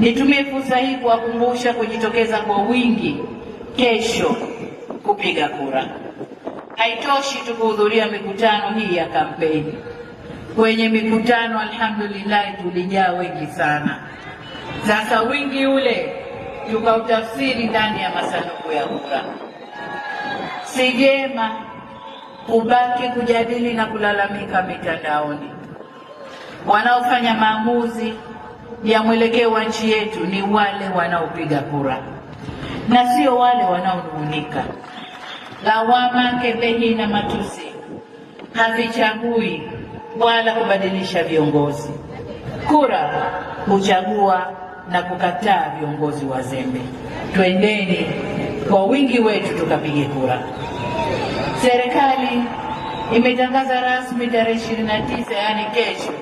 Nitumie fursa hii kuwakumbusha kujitokeza kwa wingi kesho kupiga kura. Haitoshi tu kuhudhuria mikutano hii ya kampeni. Kwenye mikutano, alhamdulillah, tulijaa wengi sana. Sasa wingi ule tukautafsiri ndani ya masanduku ya kura. Si kubaki kujadili na kulalamika mitandaoni. Wanaofanya maamuzi ya mwelekeo wa nchi yetu ni wale wanaopiga kura na sio wale wanaonung'unika. Lawama, kebehi na matusi havichagui wala kubadilisha viongozi. Kura huchagua na kukataa viongozi wazembe. Twendeni kwa wingi wetu tukapige kura. Serikali imetangaza rasmi tarehe 29, yaani kesho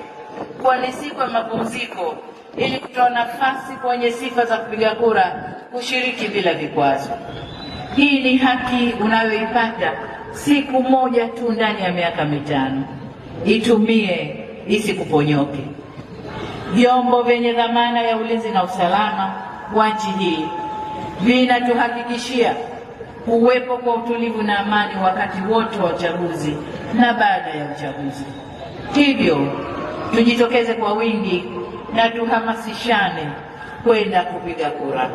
kuwa ni siku ya mapumziko ili kutoa nafasi kwa wenye sifa za kupiga kura kushiriki bila vikwazo. Hii ni haki unayoipata siku moja tu ndani ya miaka mitano. Itumie isikuponyoke. Vyombo vyenye dhamana ya ulinzi na usalama wa nchi hii vinatuhakikishia kuwepo kwa utulivu na amani wakati wote wa uchaguzi na baada ya uchaguzi. Hivyo tujitokeze kwa wingi na tuhamasishane kwenda kupiga kura.